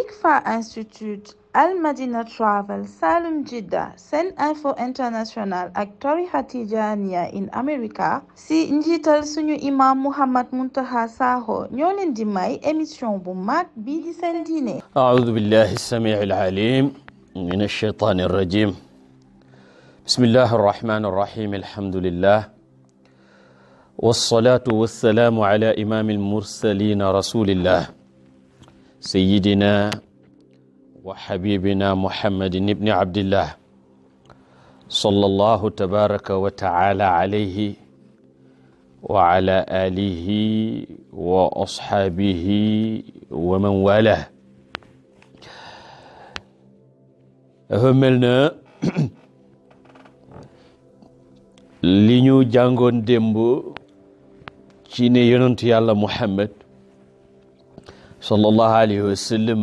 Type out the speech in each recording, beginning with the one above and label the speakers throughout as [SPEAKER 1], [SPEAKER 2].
[SPEAKER 1] ICFA Institute Al Madina Travel Salum Jidda Sen Info International ak tarixa Tijaaniya in America si njiital suñu imam Muhammad Muntaha Sakho ñoo leen di may émission bu mag bii di seen diine aoudu billahi samiici alcalim min alshaytaani arrajim bismillahi arrahmani arrahim alhamdulillah wassalatu wassalaamu ala imami almursalina rasulillah sayyidina wa xabibina muhammadin ibni abdillah sallallahu tabaraka wa taala alayhi wa ala alihi wa asxaabihi wa man walah dafa mel na li ñu jàngoon démb ci ne yonentu yàlla muhammad sallallahu alayhi wa sallam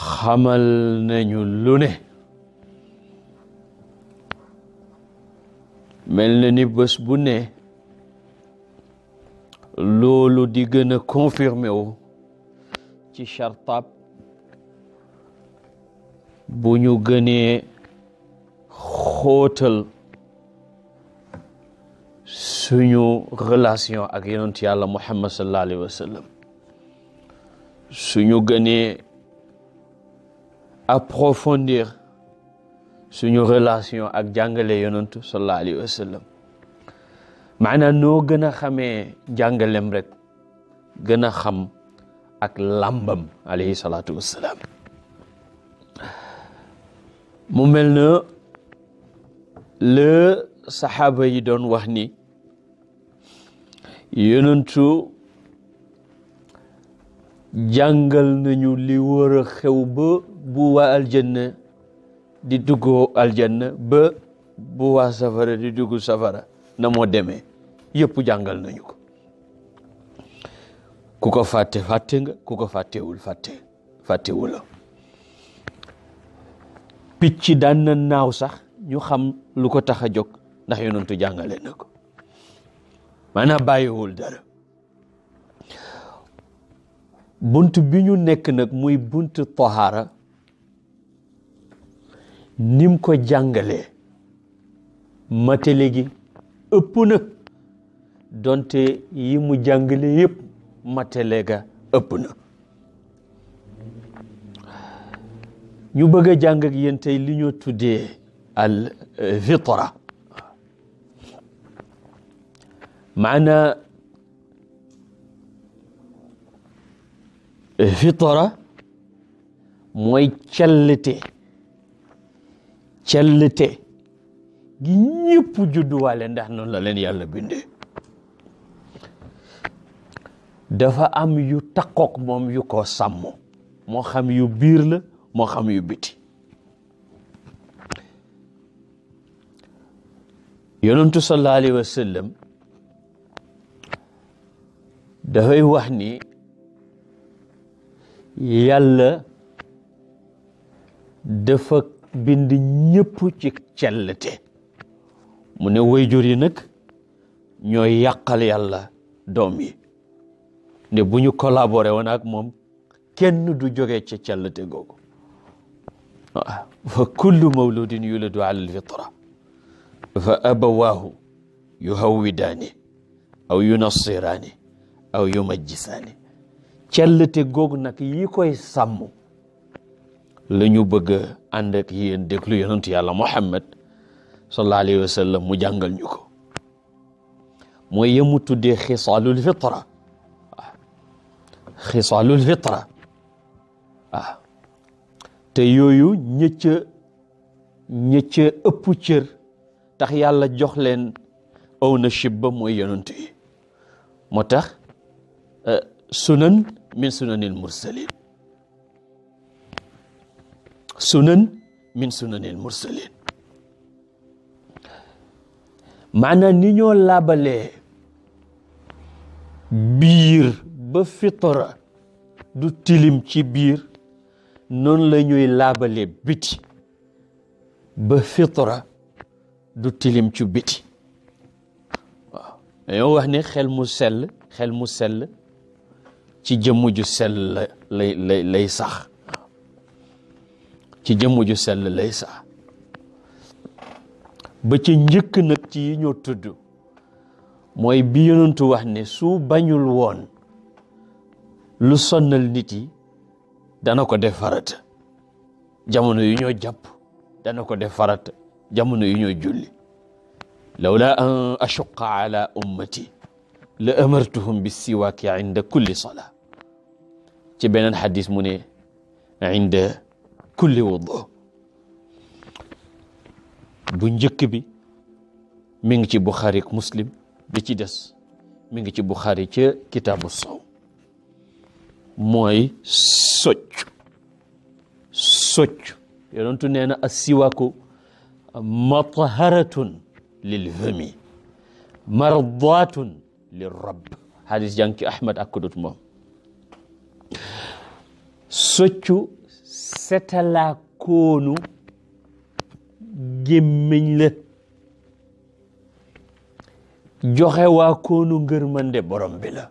[SPEAKER 1] xamal nañu lu mel na ni bés bu ne loolu di gën a confirmé ci chartab bu ñu gënee xóotal suñu relation ak yonent yàlla muhammad sallallahu alayhi wa sallam suñu gënee approfondir suñu relation ak jàngale yonent sallallahu alayhi wa sallam maanaam noo gën a xamee jàngalem rek gën a xam ak làmbam alayhi salaatu wassalaam mu mel na le saxaaba yi doon wax ni yonentu jàngal nañu li war a xew ba bu waa aljanna di duggoo aljanna ba bu waa safara di dugg safara na moo demee yépp jàngal nañu ko ku ko fàtte fàtte nga ku ko fàttewul fàtte fàttewula picc daan na naaw sax ñu xam lu ko tax a jóg ndax yonentu jàngale na ko mana bàyyiwul dara buntu bi ñu nekk nag muy bunt toxaara nim ko jàngalee matale gi ëpp na yi mu jàngale yëpp matelega ga ëpp na ñu bëgg a jàng ak li ñu tuddee al fitra معنى fitara mooy cellite cellite gi ñëpp judduwaale ndax noonu la leen yàlla bindee dafa am yu takkook moom yu ko sàmm moo xam yu biirla la moo xam yu biti yonentu sallallahu alayhi wa dafay wax ni yàlla dafa bind ñëpp ci cellte mu ne wayjur yi nag ñooy yàqal yàlla doom yi ne bu ñu collaboré woon ak moom kenn du jóge ci cellte googu fa kullu mawludin yuladu ala alfitra fa abawaahu yuhawwidaani aw yunassiraani aw yu majjisaani cellate góog nag yi koy sàmm la ñu bëgg a ànd ak yéen déglu yonent yàlla Muhammad sallallahu alayhi wa mu jàngal ñu ko mooy yemu tuddee xisaalul fitra waaw xisaalul fitra waaw te yooyu ñëcca ñëcca ëpp cër tax yàlla jox leen aw na shibba mooy yonent yi moo tax Euh, sunan min sunanil mursalin sunan min sunanil mursalin ni ñoo labalee biir ba fitra du tilim ci biir noonu la ñuy laabale biti ba fitra du tilim ci biti waaw dañoo wax ne xel mu sell xel mu sell ci jëmm ju sell lay lay ci jëmm ju sell lay sax ba ca njëkk nag ci yi ñoo tudd mooy bi wax ne su bañul woon lu sonnal nit yi dana ko def farata jamono yu ñoo jàpp dana ko def farata jamono yu ñu julli lawla an ashuqa ala ummati la amartuhum bi siwaaki inda kulli sola ci beneen xadis mu ne inda kulli wudu bu njëkk bi mi ngi ci Buxaari Muslim bi ci des mi ngi ci Buxaari ca kitaabu sow mooy socc socc yonentu nee na assiwaaku matharatun lil fami mardaatun li rabb hadis jàng ci ahmad ak moom soccu setalaa koonu gémmiñ la joxe waa koonu ngërmande borom bi la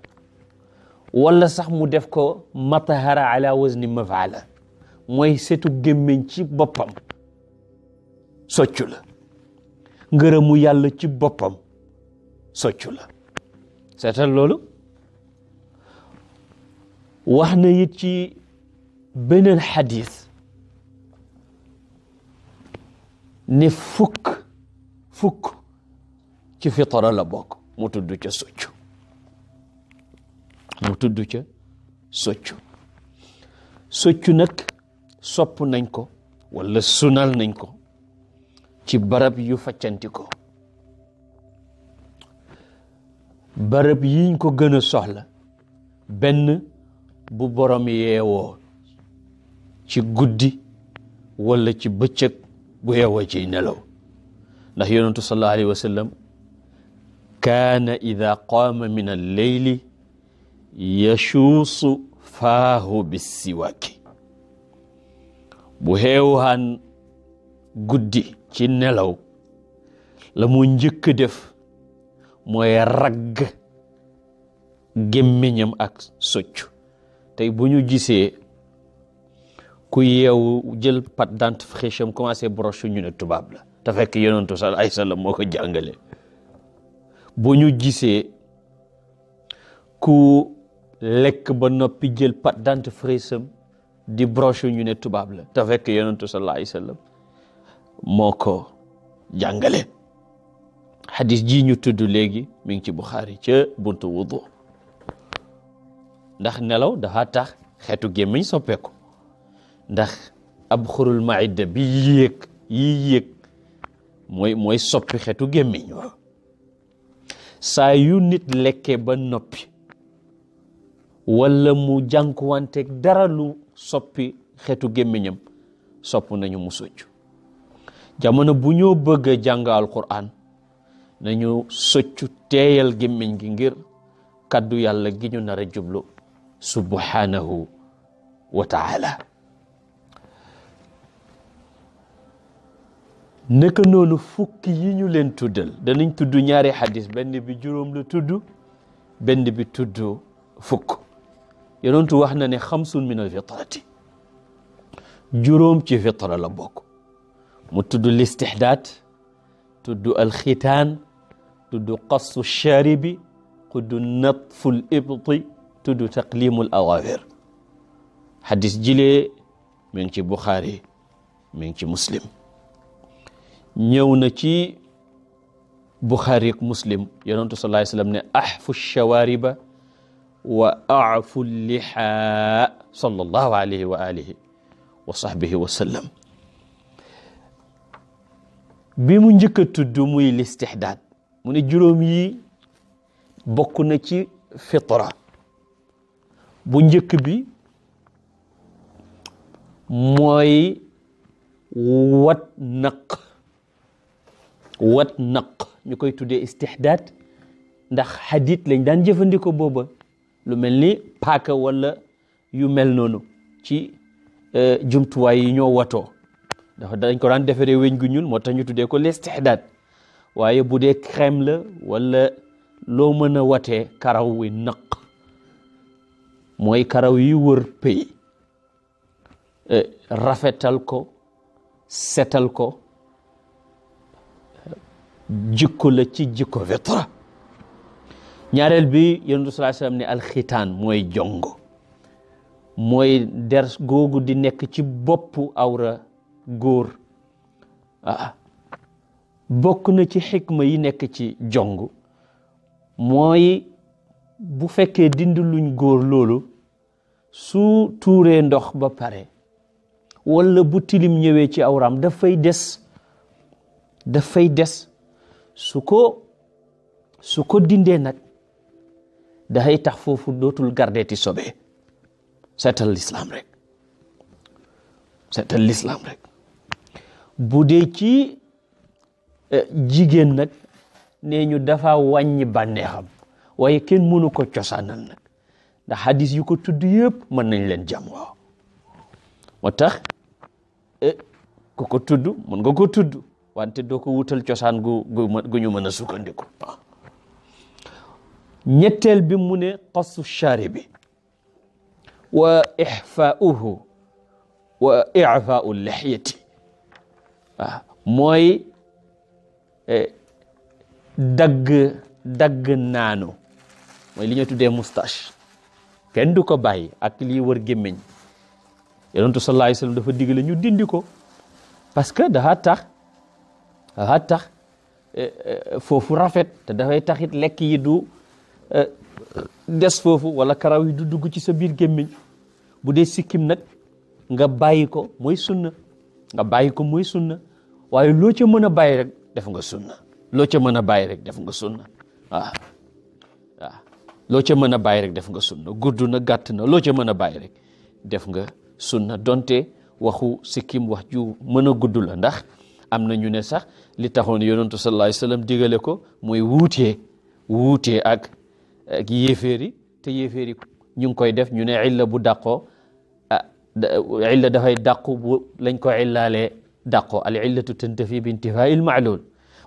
[SPEAKER 1] wala sax mu def ko matahara ala wazni mafaala mooy setu gémmiñ ci boppam soccu la ngërëmu yàlla ci boppam soccu la setal loolu wax na it ci beneen xadiis ni fukk fukk ci fitara la bokk mu tudd ca soccu mu tudd ca soccu soccu nag sopp nañ ko wala sunal nañ ko ci barab yu faccantiko barab yiñ ko gëna soxla benn bu borom yeewoo ci guddi wala ci bëccëg bu yeewoo ci nelaw ndax yonentu sallallahu alayhi wa sallam kaana ida qaama min alleyli yachuusu faahu bissiwaaki bu xeewaan guddi ci nelaw la mu njëkk def mooy ragg gémmiñam ak soccu tey bu ñu gisee ku yeewu jël pâte dentifrice am commencé broche ñu ne tubaab la te fekk yonentu sal ay sallam moo ko jàngale bu ñu jisee ku lekk ba noppi jël pâte dentifrice am di broche ñu ne tubaab la te fekk yonentu sal ay sallam moo ko jàngale xadis ji ñu tudd léegi mi ngi ci Buxaari ca buntu wudu ndax nelaw dafa tax xeetu gémmiñ soppeeku ndax ab xurul maida bi yéeg yi yéeg mooy mooy soppi xeetu gémmiñ waaw saa yu nit lekkee ba noppi wala mu jànkuwanteeg dara lu soppi xeetu gémmiñam sopp nañu mu socc jamono bu ñoo bëgg a jàng alquran nañu soccu teeyal gémmiñ gi ngir kàddu yàlla gi ñu nar jublu subhanahu wa taala naka noonu fukki yi ñu leen tuddal danañ tudd ñaari xadis benn bi juróom la tudd benn bi tudd fukk yonentu wax na ni xamsun min al fitrati juróom ci fitra la bokk mu tudd listihdaat tudd alxitaan tudd qassu sharibi tudd natful ibti tudd taqlimul awaawir xadis jilee mi ngi ci buxaari mi ngi ci muslim ñëw na ci buxaari ak muslim yonentu sallallahu alayhi wasallam ne ahfu shawaariba wa afu liha sallallahu alayhi wa alihi wa sahbihi wa sallam bi mu njëkk a tudd muy listihdaad mu ne juróom yi bokk na ci fitra bu njëkk bi mooy wat naq wat naq ñu koy tuddee istihdaat ndax xadit lañ daan jëfandikoo booba lu mel ni paaka walla yu mel noonu ci euh, jumtuwaay yi ñoo watoo dafa dañ ko daan defaree weñ gu ñuul moo tax ñu tuddee ko l'istihdaat waaye bu dee crème la wala loo mën a watee karaw wi nëq mooy karaw yi wër pey e, rafetal ko setal ko jikko la ci jikko fitra ñaareel bi yonent sallallahu alayhi wasallam ne mooy jongo mooy der googu di nekk ci boppu awra góor ah bokk na ci xikma yi nekk ci jong mooy bu fekkee dindi luñ góor loolu su tuuree ndox ba pare walla bu tilim ñëwee ci awram dafay des dafay des su ko su ko dindee nag dafay tax foofu dootul gardeeti sobe seetal lislaam rek seetal lislaam rek bu dee ci Eh, jigéen nag nee ñu dafa wàññi bànneexam waaye kenn mënu ko cosaanal nag ndax hadis yu ko tudd yépp mën nañ leen jamoo moo tax eh, ku ko tudd mën nga ko tudd wante doo ko wutal cosaan gu gu ñu mën a sukkandiku ñetteel bi mu ne qasu sharibi wa ixfaauhu wa ifaau lixyati waaw Eh, dagg dagg naanu mooy li ñu tuddee moustache kenn du ko bàyyi ak lii wër gémmiñ yonentu sallallahu alayhi wasallam dafa digle ñu dindi ko parce que dafa tax dafa tax eh, eh, foofu rafet te dafay taxit lekk yi du des foofu wala karaw yi du dugg ci sa biir gémmiñ bu dee sikkim nag nga bàyyi ko mooy sunna nga bàyyi ko mooy sunna waaye loo ci mën a bàyyi rek def nga sunna loo ca mën a bàyyi rek def nga sunna waaw waaw loo ca mën a bàyyi rek def nga sunna gudd na gàtt na loo ca mën a bàyyi rek def nga sunna donte waxu sikkim wax ju mën a gudd la ndax am na ñu ne sax li taxoon yonentu sallallahu alayhi wasallam digale ko mooy wuutee wuute ak ak yéeféeri te yéeféeri ñu ngi koy def ñu ne illa bu dàqoo ah dafay dàqu bu lañ ko illaalee dàqoo al illatu tantafi bi intifaai l maalul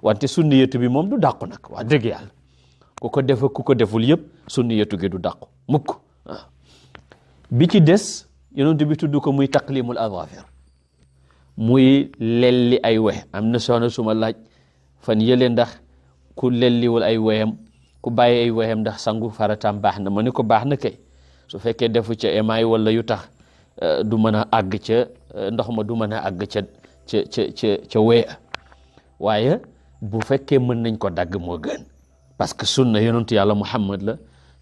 [SPEAKER 1] wante sunniyatu bi moom du dàqu nag wax dëgg yàlla ku ko def ku ko deful yëpp sunniyatu gi du dàqu mukk bi ci des yonent bi tudd ko muy taqlimul azafir muy lelli ay we am na soxna suma laaj fan yële ndax ku lelliwul ay weyam ku bàyyi ay weyam ndax sangu farataam baax na ma ne ko baax na kay su fekkee defu ca emaay walla yu tax eh, du mën a àgg ca eh, ndox ma du mën a àgg ca ca ca ca ca waaye bu fekkee mën nañ ko dagg moo gën parce que sunna yonentu yàlla muhammad la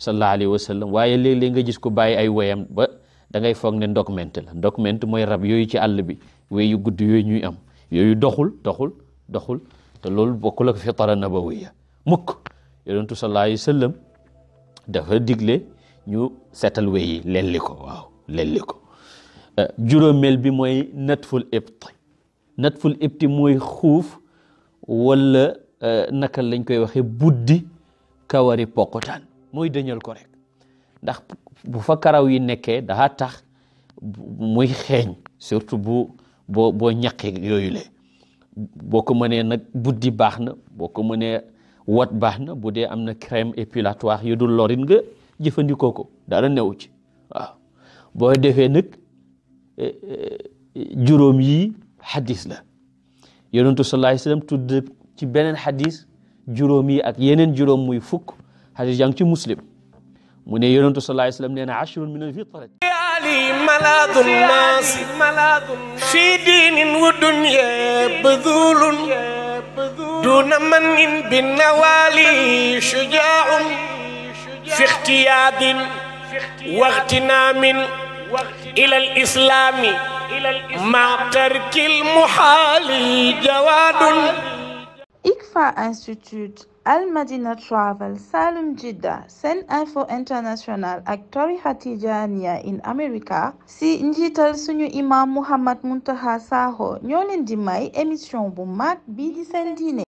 [SPEAKER 1] sallallahu alayhi wa waaye léeg-léeg nga gis ko bàyyi ay wéyam ba dangay foog ne ndokment la ndokment mooy rab yooyu ci àll bi wéy yu gudd yooyu ñuy am yooyu doxul doxul doxul te loolu bokkul ak fitara nabawiyya mukk yonentu sallallahu alayhi wa sallam dafa digle ñu seetal wéy yi waaw lelli ko eh, juróomeel bi mooy natful ibt natful ibti mooy xuuf walla euh, naka lañ koy waxee buddi kawari pokotaan mooy dëñal ko rek ndax bu fa karaw yi nekkee daa tax muy xeeñ surtout bu boo boo ñaqee yooyu le boo ko mënee nag buddi baax na boo ko mënee wat baax na bu dee am na crème épilatoire yu dul lorin nga jëfandikoo ko dara newu ci waaw boo defee nag euh, euh, juróom yi xadis la yonentu sallallahu alayhi wasallam tudd ci beneen xadis juróom yi ak yeneen juróom muy fukk xadis yaa ngi ci muslim mu ne yonentu sallallahu alayhi wasallam nee na ashrun min alfitrat maladun naasi fi diinin wa dunya badulun duna manin bi nawali shujaaun fi ixtiyaadin wa ixtinaamin ila al islaami مع ترك المحال جواد ICFA Institute Al Madina Travel Salum Jidda Sen Info International ak tarixa Tijaaniya in America si njiital suñu imam Mouhammad Muntaqa Sakho ñoo di may émission bu mag bii di seen